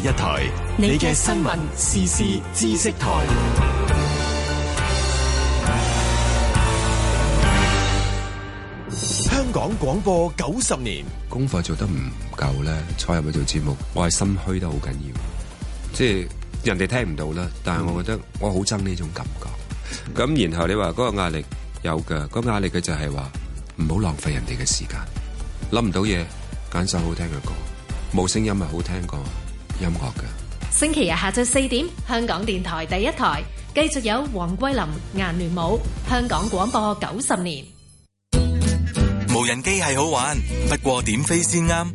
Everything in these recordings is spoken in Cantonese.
一台你嘅新聞時事知識台，香港廣播九十年功課做得唔夠咧，坐入去做節目，我係心虛得好緊要，即係人哋聽唔到啦。但係我覺得我好憎呢種感覺。咁、嗯、然後你話嗰個壓力有嘅，嗰個壓力嘅就係話唔好浪費人哋嘅時間，諗唔到嘢，揀首好聽嘅歌，冇聲音係好聽過。音樂嘅星期日下晝四點，香港電台第一台繼續有黃桂林、顏聯武，香港廣播九十年。無人機係好玩，不過點飛先啱？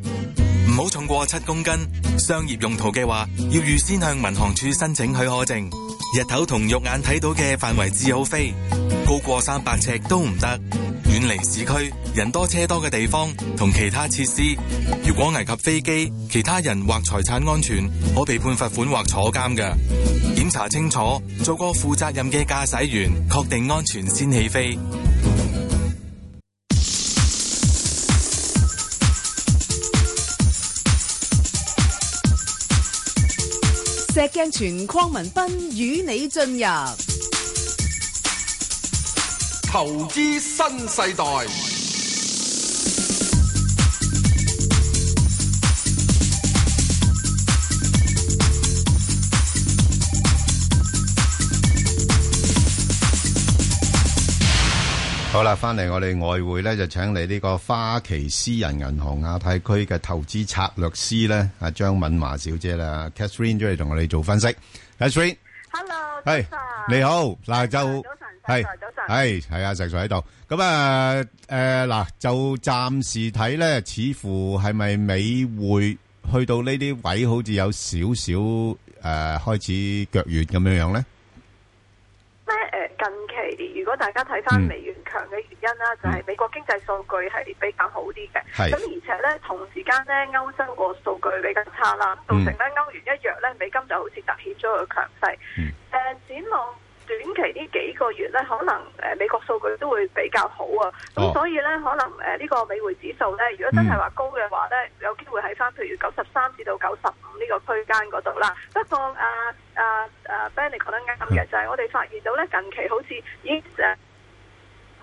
唔好重過七公斤。商業用途嘅話，要預先向民航處申請許可證。日頭同肉眼睇到嘅範圍至好飛，高過三百尺都唔得。遠離市區人多車多嘅地方同其他設施。如果危及飛機、其他人或財產安全，可被判罰款或坐監嘅。檢查清楚，做個負責任嘅駕駛員，確定安全先起飛。石鏡泉，匡文斌與你進入。投資新世代。好啦，翻嚟我哋外匯咧，就請嚟呢個花旗私人銀行亞太區嘅投資策略師咧，阿張敏華小姐啦，Catherine 出嚟同我哋做分析。Catherine，Hello，係你好，嗱，就。係，係係啊，石 Sir 喺度。咁啊，誒嗱、呃呃，就暫時睇咧，似乎係咪美匯去到呢啲位，好似有少少誒，開始腳軟咁樣樣咧？咧誒，近期如果大家睇翻美元強嘅原因啦，嗯、就係美國經濟數據係比較好啲嘅。咁、嗯、而且咧，同時間咧，歐洲個數據比較差啦，咁造成咧歐元一弱咧，美金就好似凸顯咗個強勢。嗯。誒、呃，展望。短期呢幾個月呢，可能誒、呃、美國數據都會比較好啊，咁、oh. 所以呢，可能誒呢、呃呢個美匯指數呢，如果真係話高嘅話呢，mm. 有機會喺翻譬如九十三至到九十五呢個區間嗰度啦。不過啊啊啊，Benny 講得啱嘅，ben, 的的就係我哋發現到呢，近期好似已經、呃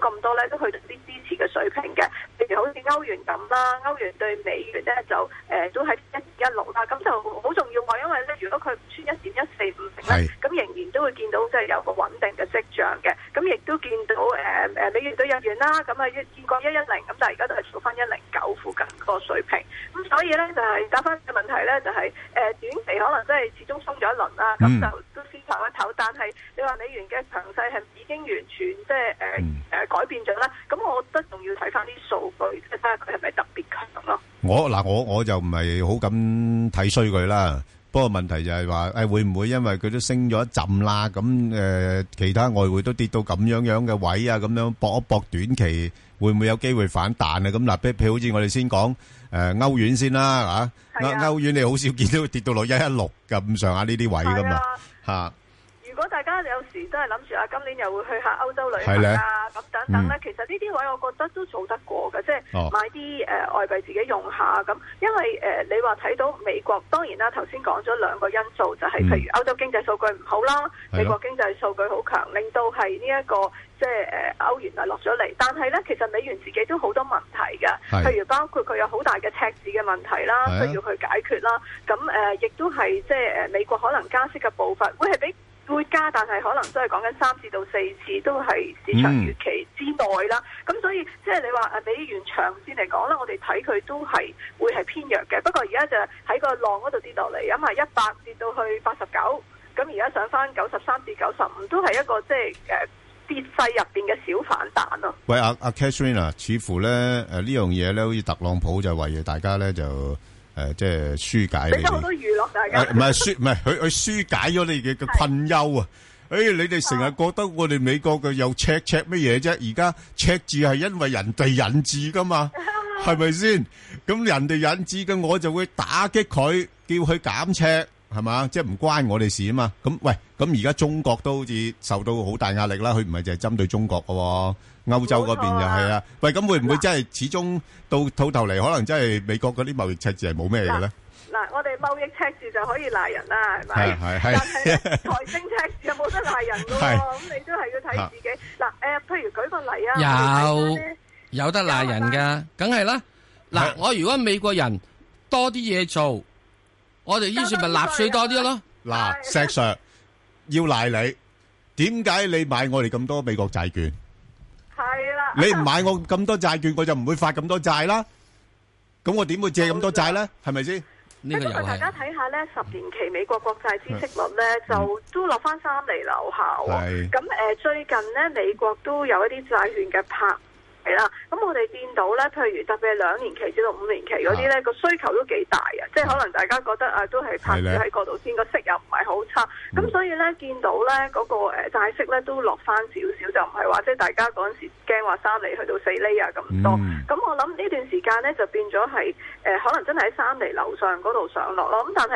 咁多咧都去到啲支持嘅水平嘅，譬如好似歐元咁啦，歐元對美元咧就誒都係一二一六啦，咁就好重要嘅，因為咧如果佢唔穿一點一四五成咧，咁仍然都會見到即係有個穩定嘅跡象嘅，咁亦都見到誒誒美元對日元啦，咁啊見過一一零，咁但係而家都係做翻一零九附近個水平，咁所以咧就係答翻個問題咧，就係誒短期可能即係始終衝咗一輪啦，咁就都先頭一頭，但係你話美元嘅強勢係已經完全即係誒誒，改變咗啦，咁我覺得仲要睇翻啲數據咧，睇下佢係咪特別強咯？我嗱我我就唔係好敢睇衰佢啦。不過問題就係話，誒會唔會因為佢都升咗一陣啦？咁誒其他外匯都跌到咁樣樣嘅位啊，咁樣搏一搏短期會唔會有機會反彈啊？咁嗱，譬如好似我哋先講誒歐元先啦，嚇歐元你好少見到跌到落一一六咁上下呢啲位噶嘛，嚇。如果大家有時真係諗住啊，今年又會去下歐洲旅行啊，咁的等等咧，嗯、其實呢啲位我覺得都做得過嘅，即、就、係、是、買啲誒、哦呃、外幣自己用下咁。因為誒、呃、你話睇到美國當然啦，頭先講咗兩個因素，就係、是、譬如歐洲經濟數據唔好啦，嗯、美國經濟數據好強，是的 令到係呢一個即係誒歐元啊落咗嚟。但係咧，其實美元自己都好多問題嘅，譬如包括佢有好大嘅赤字嘅問題啦，需是的 要去解決啦。咁誒亦都係即係誒美國可能加息嘅步伐會係比。會加，但係可能都係講緊三次到四次，都係市場預期之內啦。咁、嗯、所以即係你話誒，比、就、完、是、長線嚟講啦，我哋睇佢都係會係偏弱嘅。不過而家就喺個浪嗰度跌落嚟，咁係一百跌到去八十九，咁而家上返九十三至九十五，都係一個即係誒跌勢入邊嘅小反彈咯。喂，阿、啊、阿 Catherine、啊、似乎咧誒呢樣嘢咧，好、啊、似特朗普就為嘅大家咧就。誒，即係紓解你啲好多娛樂大家唔係舒唔係佢佢紓解咗你哋嘅困憂啊！誒、 哎，你哋成日覺得我哋美國嘅又赤赤乜嘢啫？而家赤字係因為人哋引致噶嘛？係咪先？咁人哋引致嘅我就會打擊佢，叫佢減赤。係嘛，即係唔關我哋事啊嘛。咁喂，咁而家中國都好似受到好大壓力啦。佢唔係淨係針對中國噶，歐洲嗰邊又係啊。喂，咁會唔會真係始終到頭嚟，可能真係美國嗰啲貿易赤字係冇咩嘅咧？嗱，我哋貿易赤字就可以賴人啦，係咪？係。但係財政赤字有冇得賴人咯？咁你都係要睇自己。嗱，誒，譬如舉個例啊，有有得賴人噶，梗係啦。嗱，我如果美國人多啲嘢做。我哋於是咪納稅多啲咯，嗱，石 Sir 要賴你，點解你買我哋咁多美國債券？係啦，你唔買我咁多債券，我就唔會發咁多債啦。咁我點會借咁多債咧？係咪先？呢個又係大家睇下咧，十年期美國國債孳息率咧就都落翻三厘樓下喎。咁誒的的、呃，最近咧美國都有一啲債券嘅拍。啊、啦，咁我哋見到咧，譬如特別係兩年期至到五年期嗰啲咧，個、啊、需求都幾大啊！即係可能大家覺得啊，都係拍住喺嗰度先，個息又唔係好差，咁、啊、所以咧見到咧嗰、嗰個誒債、呃、息咧都落翻少少，啊嗯、就唔係話即係大家嗰陣時驚話三厘去到四厘啊啊咁多。咁、嗯嗯、我諗呢段時間咧就變咗係誒可能真係喺三厘樓上嗰度上落咯。咁、嗯、但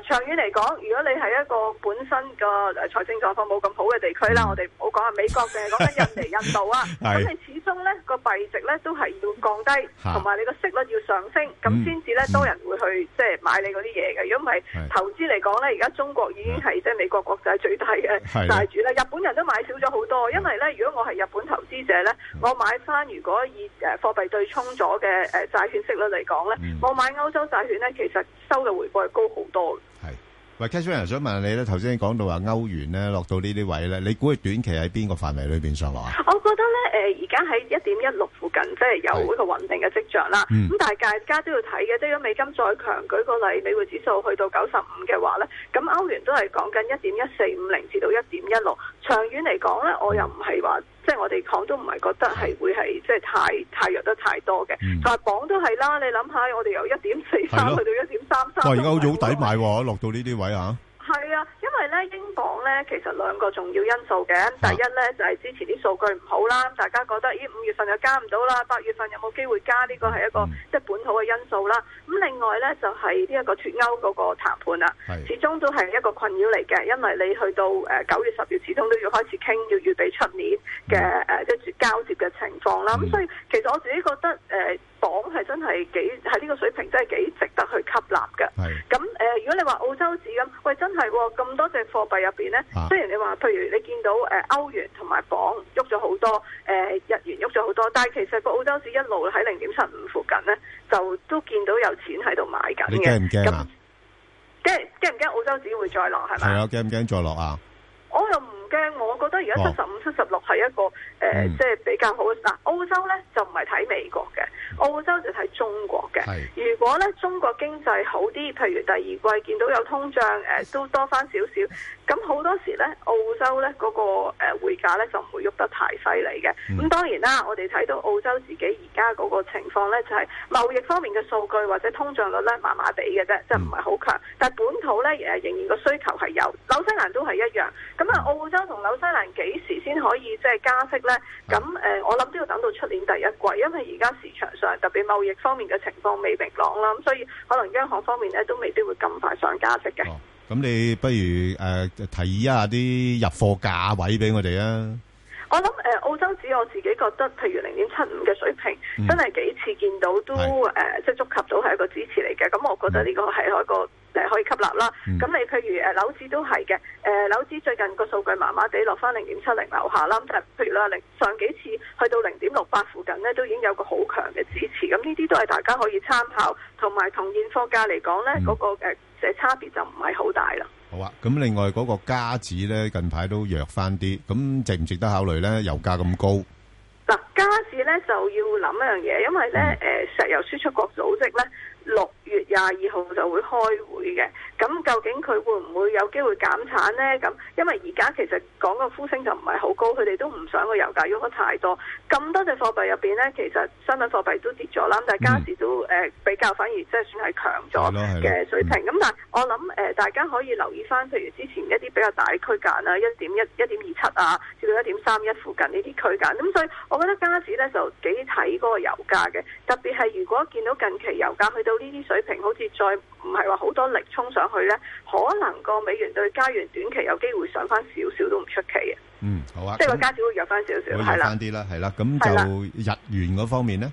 係嗱，長遠嚟講，如果你係一個本身個財政狀況冇咁好嘅地區啦，我哋唔好講啊，啊多一美國淨係講緊印尼、印度啊，咁你始終咧幣值咧都係要降低，同埋你個息率要上升，咁先至咧多人會去即係買你嗰啲嘢嘅。如果唔係投資嚟講咧，而家中國已經係即係美國國債最大嘅債主啦。日本人都買少咗好多，因為咧，如果我係日本投資者咧，我買翻如果以誒貨幣對沖咗嘅誒債券息率嚟講咧，嗯、我買歐洲債券咧，其實收嘅回報係高好多。喂，Cashman 我想問你咧，頭先講到話歐元咧落到呢啲位咧，你估佢短期喺邊個範圍裏邊上落啊？我覺得咧，誒而家喺一點一六附近，即係有呢個穩定嘅跡象啦。咁、嗯、但係大家都要睇嘅，即係如果美金再強，舉個例，美匯指數去到九十五嘅話咧，咁歐元都係講緊一點一四五零至到一點一六。長遠嚟講咧，嗯、我又唔係話。即係我哋講都唔係覺得係會係即係太太弱得太多嘅，嗯、但係講都係啦。你諗下，我哋由一點四三去到一點三三，哇！而家好似好抵買落到呢啲位嚇。啊。其實兩個重要因素嘅，第一呢，就係、是、之前啲數據唔好啦，大家覺得，咦五月份又加唔到啦，八月份有冇機會加呢、這個係一個、嗯、即係本土嘅因素啦。咁另外呢，就係呢一個脫歐嗰個談判啦，是始終都係一個困擾嚟嘅，因為你去到誒九、呃、月十月始終都要開始傾，要預備出年嘅誒、嗯呃、即係交接嘅情況啦。咁、嗯、所以其實我自己覺得誒。呃港係真係幾喺呢個水平，真係幾值得去吸納嘅。咁誒、呃，如果你話澳洲紙咁，喂，真係咁、哦、多隻貨幣入邊呢，雖然、啊、你話，譬如你見到誒歐、呃、元同埋港喐咗好多，誒、呃、日元喐咗好多，但係其實個澳洲紙一路喺零點七五附近呢，就都見到有錢喺度買緊。你驚唔驚啊？驚驚唔驚澳洲紙會再落係嘛？係啊，驚唔驚再落啊？我又唔。嘅，我覺得而家七十五、七十六係一個誒，呃嗯、即係比較好。嗱，澳洲咧就唔係睇美國嘅，澳洲就睇中國嘅。是如果咧中國經濟好啲，譬如第二季見到有通脹，誒、呃、都多翻少少，咁好多時咧澳洲咧嗰、嗰個誒匯、呃、價咧就唔會喐得太犀利嘅。咁、嗯、當然啦，我哋睇到澳洲自己而家嗰個情況咧，就係、係、貿易方面嘅數據或者通脹率咧麻麻地嘅啫，即係唔係好強。嗯、但係本土咧誒仍然個需求係有，紐西蘭都係一樣。咁啊，澳洲同紐西蘭幾時先可以即係加息呢？咁誒、呃，我諗都要等到出年第一季，因為而家市場上特別貿易方面嘅情況未明朗啦，咁所以可能央行方面咧都未必會咁快上加息嘅。咁、哦、你不如誒、呃、提議一下啲入貨價位俾我哋啊？我諗誒、呃、澳洲紙我自己覺得，譬如零點七五嘅水平，嗯、真係幾次見到都誒是、呃，即係觸及到係一個支持嚟嘅。咁我覺得呢個係一個。可以吸納啦，咁你譬如誒樓、呃、子都係嘅，誒、呃、樓子最近個數據麻麻地落翻零點七零樓下啦，咁但譬如啦零上幾次去到零點六八附近呢，都已經有個好強嘅支持，咁呢啲都係大家可以參考，同埋同現貨價嚟講呢，嗰、嗯嗰個誒、呃、差別就唔係好大啦。好啊，咁另外嗰個加指呢，近排都弱翻啲，咁值唔值得考慮呢？油價咁高，嗱、嗯、加指咧就要諗一樣嘢，因為呢誒、嗯、石油輸出國組織呢，六月廿二號就會開嘅，咁究竟佢會唔會有機會減產呢？咁，因為而家其實講個呼聲就唔係好高，佢哋都唔想個油價喐得太多。咁多隻貨幣入邊呢，其實商品貨幣都跌咗啦，但係加士都誒、嗯呃、比較反而即係算係強咗嘅水平。咁、嗯、但係我諗誒、呃，大家可以留意翻，譬如之前一啲比較大嘅區間啦，一點一、一點二七啊。一點三一附近呢啲區間，咁所以我覺得加紙呢就幾睇嗰個油價嘅，特別係如果見到近期油價去到呢啲水平，好似再唔係話好多力衝上去呢，可能個美元對加元短期有機會上翻少少都唔出奇嘅。嗯，好啊，即係個加紙會入翻少少，會升啲啦，係啦，咁就日元嗰方面呢？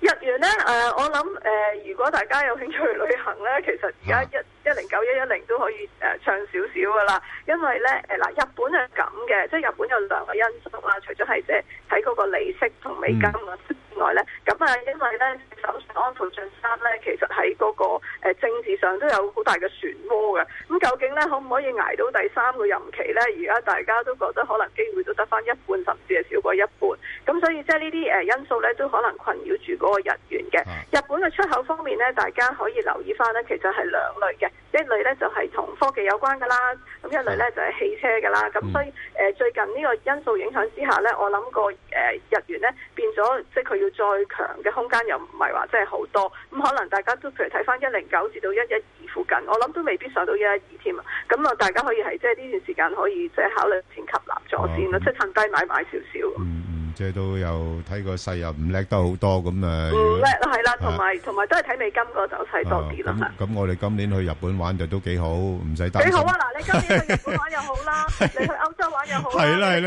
日元呢？誒、呃，我諗誒、呃，如果大家有興趣去旅行呢，其實而家一零九一一零都可以誒唱少少噶啦，因為咧誒嗱日本係咁嘅，即係日本有兩個因素啦，除咗係即係睇嗰個利息同美金啦。另外咧，咁啊，因為咧首相安倍晉三咧，其實喺嗰個政治上都有好大嘅漩渦嘅。咁究竟咧，可唔可以捱到第三個任期咧？而家大家都覺得可能機會都得翻一半，甚至係少過一半。咁所以即係呢啲誒因素咧，都可能困擾住嗰個日元嘅。啊、日本嘅出口方面咧，大家可以留意翻咧，其實係兩類嘅。一類咧就係、是、同科技有關嘅啦，咁一類咧就係、是、汽車嘅啦。咁所以誒、呃，最近呢個因素影響之下咧，我諗個誒日元咧變咗，即係佢要。再強嘅空間又唔係話真係好多，咁可能大家都譬如睇翻一零九至到一一二附近，我諗都未必上到一一二添啊，咁啊大家可以係即係呢段時間可以即係考慮前吸納咗先咯，即係趁低買買少少。嗯即係都又睇個勢又唔叻得好多咁，誒，唔叻係啦，同埋同埋都係睇美金個走勢多啲啦嘛。咁、哦、的我哋今年去日本玩就都幾好，唔使擔心。幾好啊！嗱，你今年去日本玩又好啦， 你去歐洲玩又好，英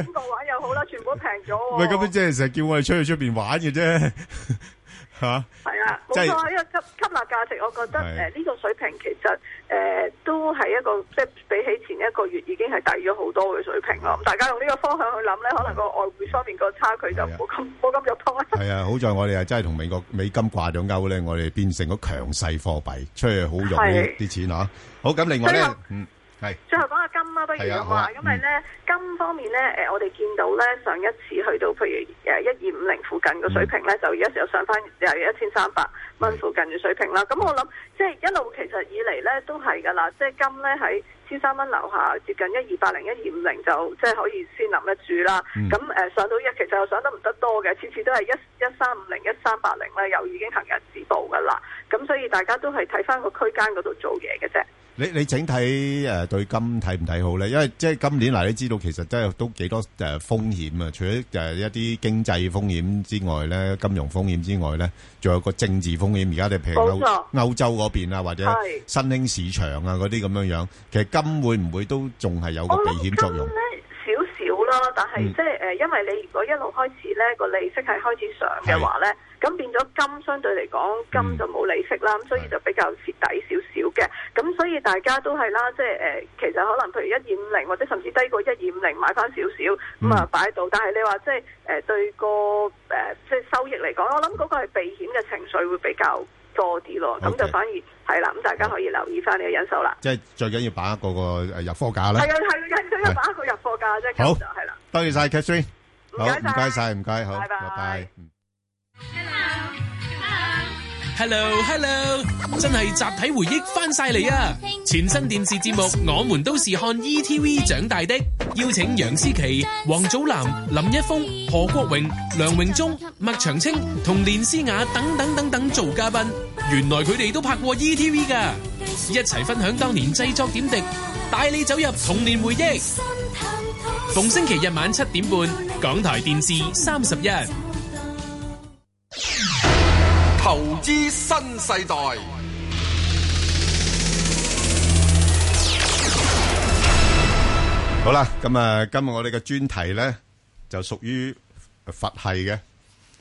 國玩又好啦，全部平咗。喂，咁即係成日叫我哋出去出邊玩嘅啫。 係啊，冇、就、錯、是，因為吸吸納價值，我覺得誒呢的、呃這個水平其實誒、呃、都係一個即係比起前一個月已經係低咗好多嘅水平咯。啊、大家用呢個方向去諗咧，可能個外匯方面個差距就冇咁冇咁肉痛啦。係啊的，好在我哋啊真係同美國美金掛咗鈎咧，我哋變成咗強勢貨幣，出去好用啲錢吓的、啊。好，咁另外咧，的嗯。最後講下金啦，不如啊，的因為咧金方面咧，誒、嗯呃、我哋見到咧上一次去到譬如誒一二五零附近嘅水平咧，嗯、就而家又上翻又一千三百蚊附近嘅水平啦。咁的我諗即係一路其實以嚟咧都係㗎啦。即係金咧喺千三蚊樓下，接近一二八零、一二五零就即係可以先諗得住啦。咁誒、嗯呃、上到一，其實又上得唔得多嘅，次次都係一一三五零、一三八零咧，又已經行日止步㗎啦。咁所以大家都係睇翻個區間嗰度做嘢嘅啫。你你整體誒對金睇唔睇好咧？因為即係今年嗱，你知道其實真係都幾多誒風險啊！除咗誒一啲經濟風險之外咧，金融風險之外咧，仲有個政治風險。而家你譬如歐洲嗰邊啊，或者新興市場啊嗰啲咁樣樣，其實金會唔會都仲係有個避險作用？但係即係誒，嗯、因為你如果一路開始咧個利息係開始上嘅話咧，咁是變咗金相對嚟講金就冇利息啦，嗯、所以就比較蝕底少少嘅。咁是所以大家都係啦，即係誒，其實可能譬如一二五零或者甚至低過一二五零買翻少少咁啊擺喺度。但係你話即係誒對個誒即係收益嚟講，我諗嗰個係避險嘅情緒會比較。多啲咯，咁就反而係啦，咁大家可以留意翻呢個因素啦。即係最緊要把握嗰個誒入貨價咧。係啊，係最緊要把握個入貨價啫。好，多謝曬，Catherine。好，唔該曬，唔該，好。拜拜。Hello，Hello，真係集體回憶翻曬嚟啊！全新電視節目，我們都是看 ETV 長大的，邀請楊思琦、王祖藍、林一峰、何國榮、梁榮忠、麥長青同連詩雅等等等等做嘉賓。原來佢哋都拍過 ETV 㗎，一齊分享當年製作點滴，帶你走入童年回憶。逢星期日晚七點半，港台電視三十一。投資新世代。 好啦，咁啊，今日我哋嘅專題呢就屬於佛系嘅。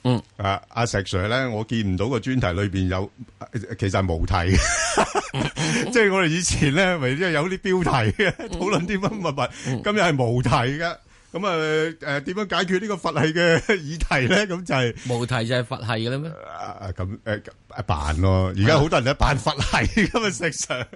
嗯，啊阿石 Sir 咧，我見唔到個專題裏邊有、啊，其實係無題嘅， 即係我哋以前咧，咪即係有啲標題嘅，討論啲乜乜物，今日係無題嘅。咁啊，誒，點樣解決呢個佛系嘅議題咧？咁就係無題就係佛系嘅咧咩？啊啊，咁誒扮咯，而家好多人一扮佛系咁啊，食上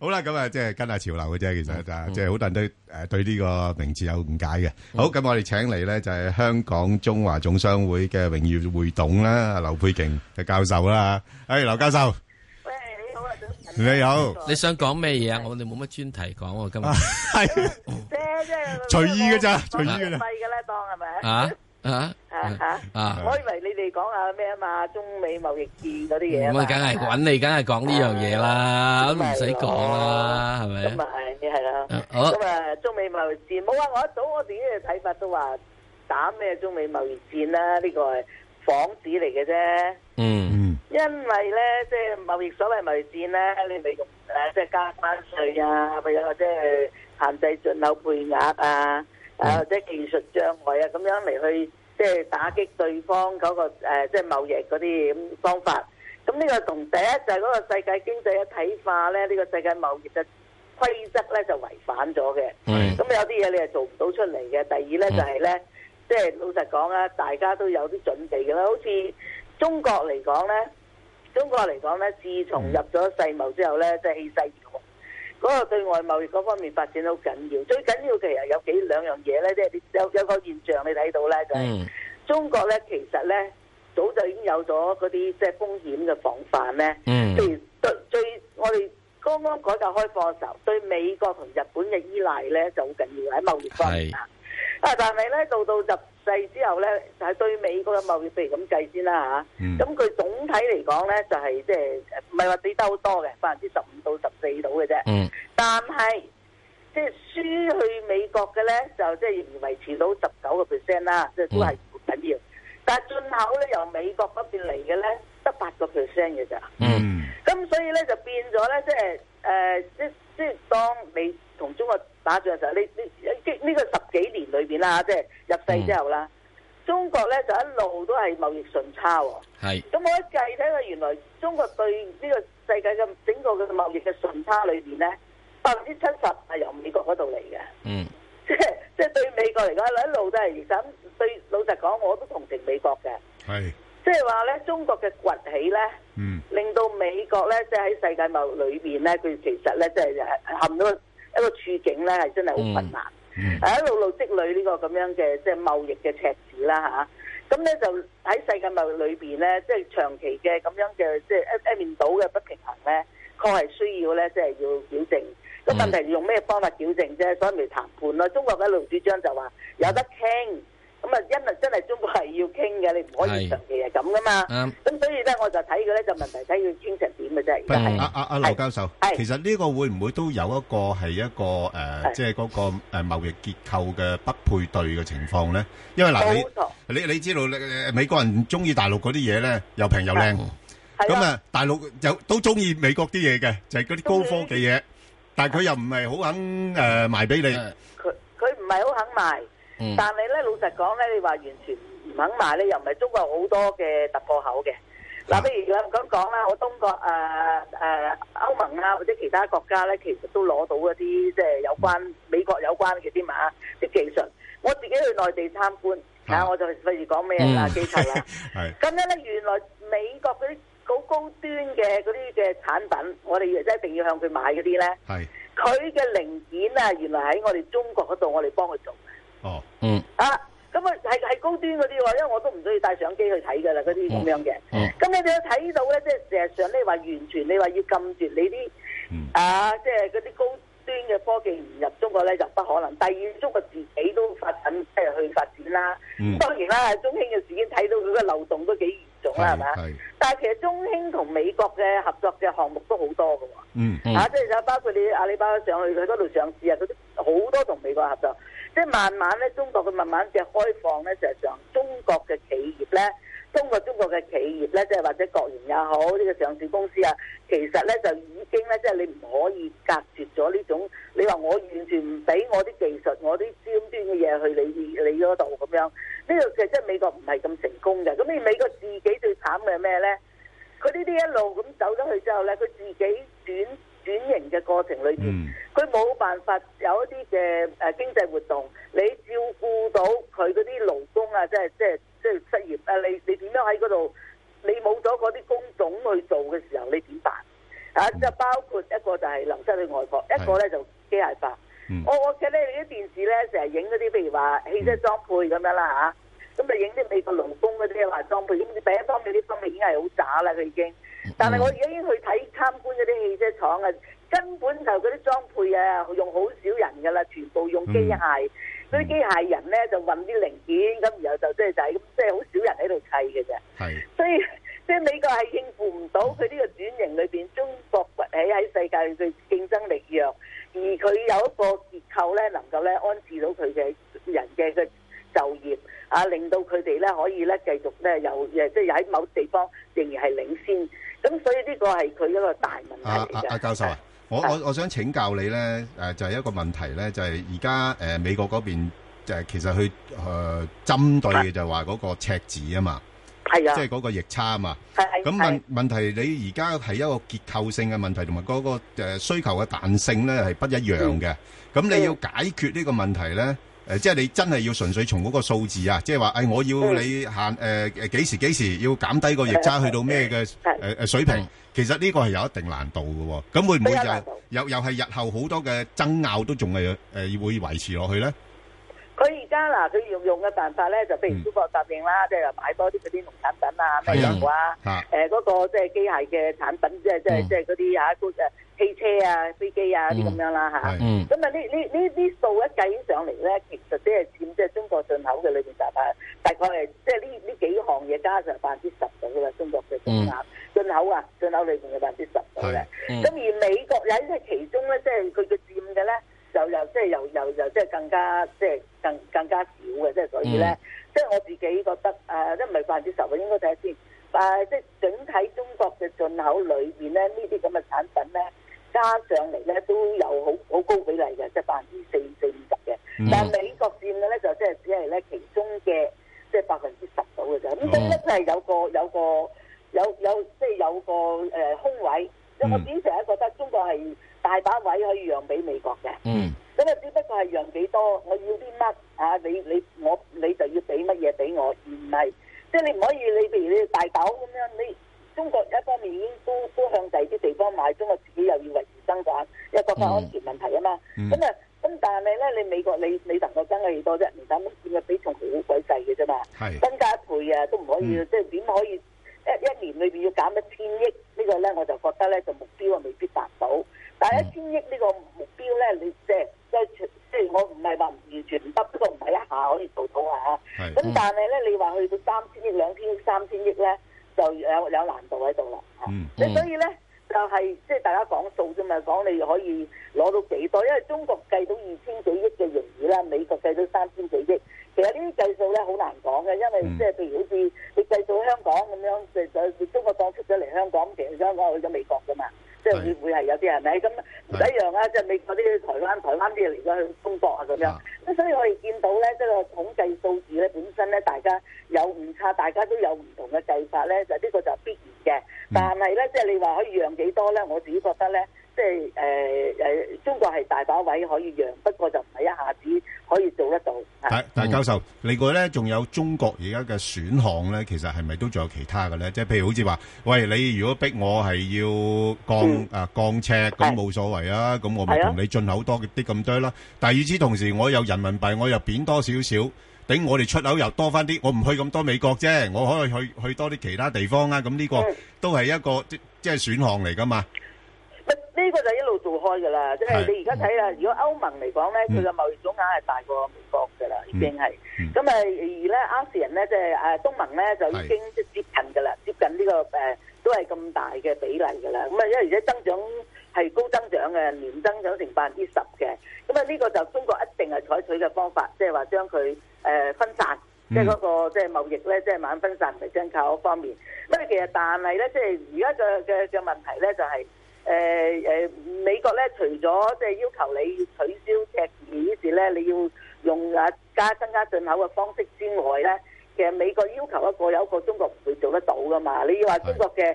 好啦，咁啊，即係跟下潮流嘅啫，其實就係即係好多人都誒對呢個名詞有誤解嘅。好，咁我哋請嚟咧就係香港中華總商會嘅榮譽會董啦，劉佩瓊嘅教授啦，誒，劉教授。你有你想講咩嘢啊？我哋冇乜專題講喎，今日係即係隨意嘅咋，隨意嘅啦，當係咪啊啊啊啊！我以為你哋講下咩啊嘛，中美貿易戰嗰啲嘢啊，咁啊，梗係搵你，梗係講呢樣嘢啦，咁唔使講啦，係咪？咁啊係，係啦，咁啊中美貿易戰，冇啊！我一早我自己嘅睇法都話打咩中美貿易戰啦，呢個係。房子嚟嘅啫，嗯，因為咧，即係貿易所謂貿戰咧，你咪用誒，即係加關稅啊，或者係限制進口配額啊，啊或者技術障礙啊，咁樣嚟去即係打擊對方嗰個即係貿易嗰啲方法。咁、這、呢個同第一就係、是、嗰個世界經濟一體化咧，呢、這個世界貿易嘅規則咧就違反咗嘅。咁、嗯、有啲嘢你係做唔到出嚟嘅。第二咧、嗯、就係咧。即係老實講啊，大家都有啲準備嘅啦。好似中國嚟講咧，中國嚟講咧，自從入咗世貿之後咧，即係、嗯、氣勢如虹。嗰、那個對外貿易嗰方面發展好緊要，最緊要其實有幾兩樣嘢咧，即係有有個現象你睇到咧，就是，就係、嗯、中國咧，其實咧早就已經有咗嗰啲即係風險嘅防範咧。譬、嗯、如對對最我哋剛剛改革開放嘅時候，對美國同日本嘅依賴咧就好緊要喺貿易方面啊！但係咧，到到入世之後咧，就係、是、對美國嘅貿易，譬如咁計先啦嚇。咁佢、嗯嗯、總體嚟講咧，就係即係唔係話跌得好多嘅，百分之十五到十四度嘅啫。嗯、但係即係輸去美國嘅咧，就即係唔維持到十九個 percent 啦，即係、嗯、都係唔緊要。但係進口咧，由美國嗰邊嚟嘅咧，得八個 percent 嘅咋。咁、嗯嗯、所以咧就變咗咧，即係誒即即係當你同中國。打仗就係呢呢即呢個十幾年裏邊啦，即係入世之後啦，嗯、中國咧就一路都係貿易順差喎、哦。咁是我一計睇下，原來中國對呢個世界嘅整個嘅貿易嘅順差裏邊咧，百分之七十係由美國嗰度嚟嘅。嗯。即即對美國嚟講，一路都係咁。對老實講，我都同情美國嘅。係是。即係話咧，中國嘅崛起咧，嗯，令到美國咧，即係喺世界貿易裏邊咧，佢其實咧，即係含咗。一個處境咧係真係好困難，係喺、嗯嗯啊、路路積累呢個咁樣嘅即係貿易嘅赤字啦嚇，咁、啊、咧就喺世界貿易裏邊咧，即、就、係、是、長期嘅咁樣嘅即係一面倒嘅不平衡咧，確係需要咧即係要矯正，咁問題用咩方法矯正啫？所以未談判咯。中國嘅盧主張就話有得傾。嗯嗯咁啊，因為真係中國係要傾嘅，你唔可以長期係咁噶嘛。咁所以咧，我就睇佢咧就問題睇要堅持點嘅啫。不如阿阿阿劉教授，其實呢個會唔會都有一個係一個誒，即係嗰個誒貿易結構嘅不配對嘅情況咧？因為嗱，你你你知道誒美國人唔中意大陸嗰啲嘢咧，又平又靚。咁啊，大陸有都中意美國啲嘢嘅，就係嗰啲高科技嘢。但係佢又唔係好肯誒賣俾你。佢佢唔係好肯賣。嗯、但係咧，老實講咧，你話完全唔肯買咧，又唔係中國好多嘅突破口嘅。嗱，比如咁講啦，我中國誒誒歐盟啊或者其他國家咧，其實都攞到一啲即係有關美國有關嘅啲嘛啲技術。我自己去內地參觀啊，我就費事講咩啦，機構、嗯、啦。係咁樣咧，原來美國嗰啲好高端嘅嗰啲嘅產品，我哋一定要向佢買嗰啲咧，係佢嘅零件啊，原來喺我哋中國嗰度，我哋幫佢做。哦，嗯，啊，咁啊係係高端嗰啲喎，因為我都唔中意帶相機去睇噶啦，嗰啲咁樣嘅。咁你哋睇到咧，即係事實上咧，話完全你話要禁住你啲啊，即係嗰啲高端嘅科技唔入中國咧，就不可能。第二，中國自己都發緊即係去發展啦。嗯、當然啦，中興嘅事件睇到佢嘅漏洞都幾嚴重啦，係咪是？吧但係其實中興同美國嘅合作嘅項目都好多嘅喎、嗯嗯。嗯，啊，即係就包括你阿里巴巴上去佢嗰度上市啊，啲好多同美國合作。即係慢慢咧，中國嘅慢慢嘅開放咧，事實上中國嘅企業咧，中國中國嘅企業咧，即係或者國營也好，呢個上市公司啊，其實咧就已經咧，即係你唔可以隔絕咗呢種，你話我完全唔俾我啲技術、我啲尖端嘅嘢去你你嗰度咁樣，呢個其實即係美國唔係咁成功嘅。咁你美國自己最慘嘅係咩咧？佢呢啲一路咁走咗去之後咧，佢自己短。轉型嘅過程裏邊，佢冇、嗯、辦法有一啲嘅誒經濟活動，你照顧到佢嗰啲勞工啊，即係即係即係失業啊！你你點樣喺嗰度？你冇咗嗰啲工種去做嘅時候，你點辦、嗯、啊？即係包括一個就係流失去外國，是一個咧就機械化。嗯、我我記得你啲電視咧成日影嗰啲，譬如話汽車裝配咁樣啦吓，咁、嗯啊、你影啲美國勞工嗰啲話裝配。咁第一方面啲工藝已經係好渣啦，佢已經。但係我而家已經去睇參觀嗰啲汽車廠啊，根本就嗰啲裝配啊，用好少人㗎喇，全部用機械。嗰啲、嗯、機械人咧就運啲零件，咁然後就即係就係、是、咁是，即係好少人喺度砌嘅啫。係，所以即係美國係應付唔到佢呢個轉型裏邊，中國崛起喺世界嘅競爭力弱，而佢有一個結構咧，能夠咧安置到佢嘅人嘅嘅。就業啊，令到佢哋咧可以咧繼續咧，又誒即係喺某地方仍然係領先。咁所以呢個係佢一個大問題嚟嘅。阿教授啊，是我我我想請教你咧，誒就係、是、一個問題咧，就係而家誒美國嗰邊誒其實去誒、呃、針對嘅就係話嗰個赤字啊嘛，係啊，即係嗰個逆差啊嘛。咁問問題，你而家係一個結構性嘅問題，同埋嗰個需求嘅彈性咧係不一樣嘅。咁、嗯、你要解決呢個問題咧？誒，即係你真係要純粹從嗰個數字啊！即係話，誒、哎，我要你限誒誒幾時幾時要減低個逆差去到咩嘅誒誒水平？ 其實呢個係有一定難度嘅喎、啊。咁會唔會就又又係日後好多嘅爭拗都仲係誒會維持落去咧？佢而家嗱，佢要用嘅辦法咧，就譬如中國答應啦，即係話買多啲嗰啲農產品、嗯、啊，咩嘅話，誒嗰、呃嗰個即係機械嘅產品，即係即係即係嗰啲啊，汽車啊、飛機啊啲咁樣啦嚇，咁啊呢呢呢啲數一計上嚟咧，其實都係佔即係中國進口嘅裏邊大概大概即係呢呢幾項嘢加上百分之十到嘅啦，中國嘅總進口啊、mm. 進口裏邊嘅百分之十到嘅，咁是、嗯、而美國即係其中咧，即係佢嘅佔嘅咧，又、就是、又即係又又又即係更加即係、就是、更更加少嘅，即、就、係、是、所以咧，即係、mm. 我自己覺得誒，都唔係百分之十嘅，應該睇下先誒，即係、啊就是、整體中國嘅進口裏邊咧，呢啲咁嘅產品咧。加上嚟咧都有好好高比例嘅，即係百分之四四五十嘅。但係美國佔嘅咧就即係只係咧其中嘅即係百分之十到嘅啫。咁所以咧都係有個有個有有即係、就是、有個誒、呃、空位。因為、嗯、我自己成日覺得中國係大把位可以讓俾美國嘅。咁啊、嗯，只不過係讓幾多，我要啲乜啊？你你我你就要俾乜嘢俾我，而唔係即係你唔可以。你譬如你大豆咁樣，你中國一方面已經都都向第二啲地方買，中國自己。嗯、安全問題啊嘛，咁啊咁，但係咧，你美國你你能夠爭幾多啫？唔啱，因為比重好鬼細嘅啫嘛，係增加一倍啊都唔可以，嗯、即係點可以？唔是一樣啊！即係美國啲、台灣、台灣啲嚟咗去中國啊咁樣，咁是所以我哋見到咧，即、這、係個統計數字咧，本身咧大家有誤差，大家都有唔同嘅計法咧，就、這、呢個就必然嘅。但係咧，嗯、即係你話可以讓幾多咧？我自己覺得咧。即係誒誒，中國係大把位可以讓，不過就唔係一下子可以做得到。係，但係教授，你估咧仲有中國而家嘅選項咧，其實係咪都仲有其他嘅咧？即係譬如好似話，喂你如果逼我係要降啊降赤咁冇所謂啊，咁我咪同你進口多啲咁多啦。但係與此同時，我又人民幣我又貶多少少，頂我哋出口又多翻啲，我唔去咁多美國啫，我可以去去多啲其他地方啊。咁呢個都係一個即係選項嚟㗎嘛。呢個就一路做開噶啦，即係你而家睇下，如果歐盟嚟講咧，佢嘅貿易總額係大過美國噶啦，已經係。咁誒而咧，亞視人咧，即係誒東盟咧，就已經即接近噶啦，接近呢個誒都係咁大嘅比例噶啦。咁啊，因為而家增長係高增長嘅，年增長成百分之十嘅。咁啊，呢個就中國一定係採取嘅方法，即係話將佢誒分散，即係嗰個即係貿易咧，即係萬分散嚟爭購嗰方面。咁啊，其實但係咧，即係而家嘅嘅嘅問題咧，就係。誒誒、呃呃，美國咧除咗即係要求你取消赤字呢事，咧你要用啊加增加進口嘅方式之外咧，其實美國要求一個有一個中國唔會做得到㗎嘛。你要話中國嘅誒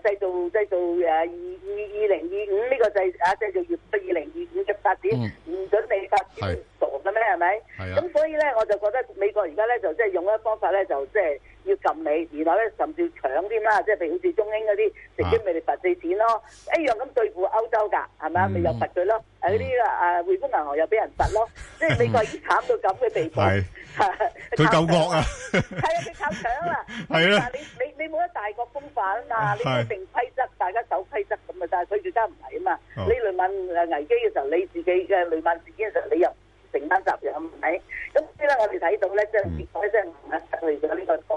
誒製造製造誒二二二零二五呢個製啊製造業二零二五嘅發展，唔、嗯、準你發展是傻嘅咩？係咪？咁的、嗯、所以咧，我就覺得美國而家咧就即係用一方法咧就即、就、係、是。氹你，然後咧甚至搶添啦，即係譬如好似中興嗰啲，直接咪嚟罰四錢咯，一樣咁對付歐洲㗎，係嘛咪又罰佢咯，喺呢啲啊匯豐銀行又俾人罰咯，即係美國已經慘到咁嘅地步，佢夠惡啊，係啊佢靠搶啦，係啦，你你你冇得大國風化啊嘛，你一定規則，大家守規則咁啊，但係佢就真唔係啊嘛，你雷曼危機嘅時候，你自己嘅雷曼自己嘅時候，你又承擔責任係咪？咁所以我哋睇到咧，即係結果咧，即係去咗呢個。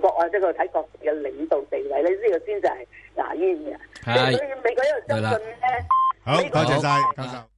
國啊，即係佢睇各自嘅領導地位你知、這個先就係牙煙嘅。的所以美國一係。係咧的，好謝謝的多謝晒教授。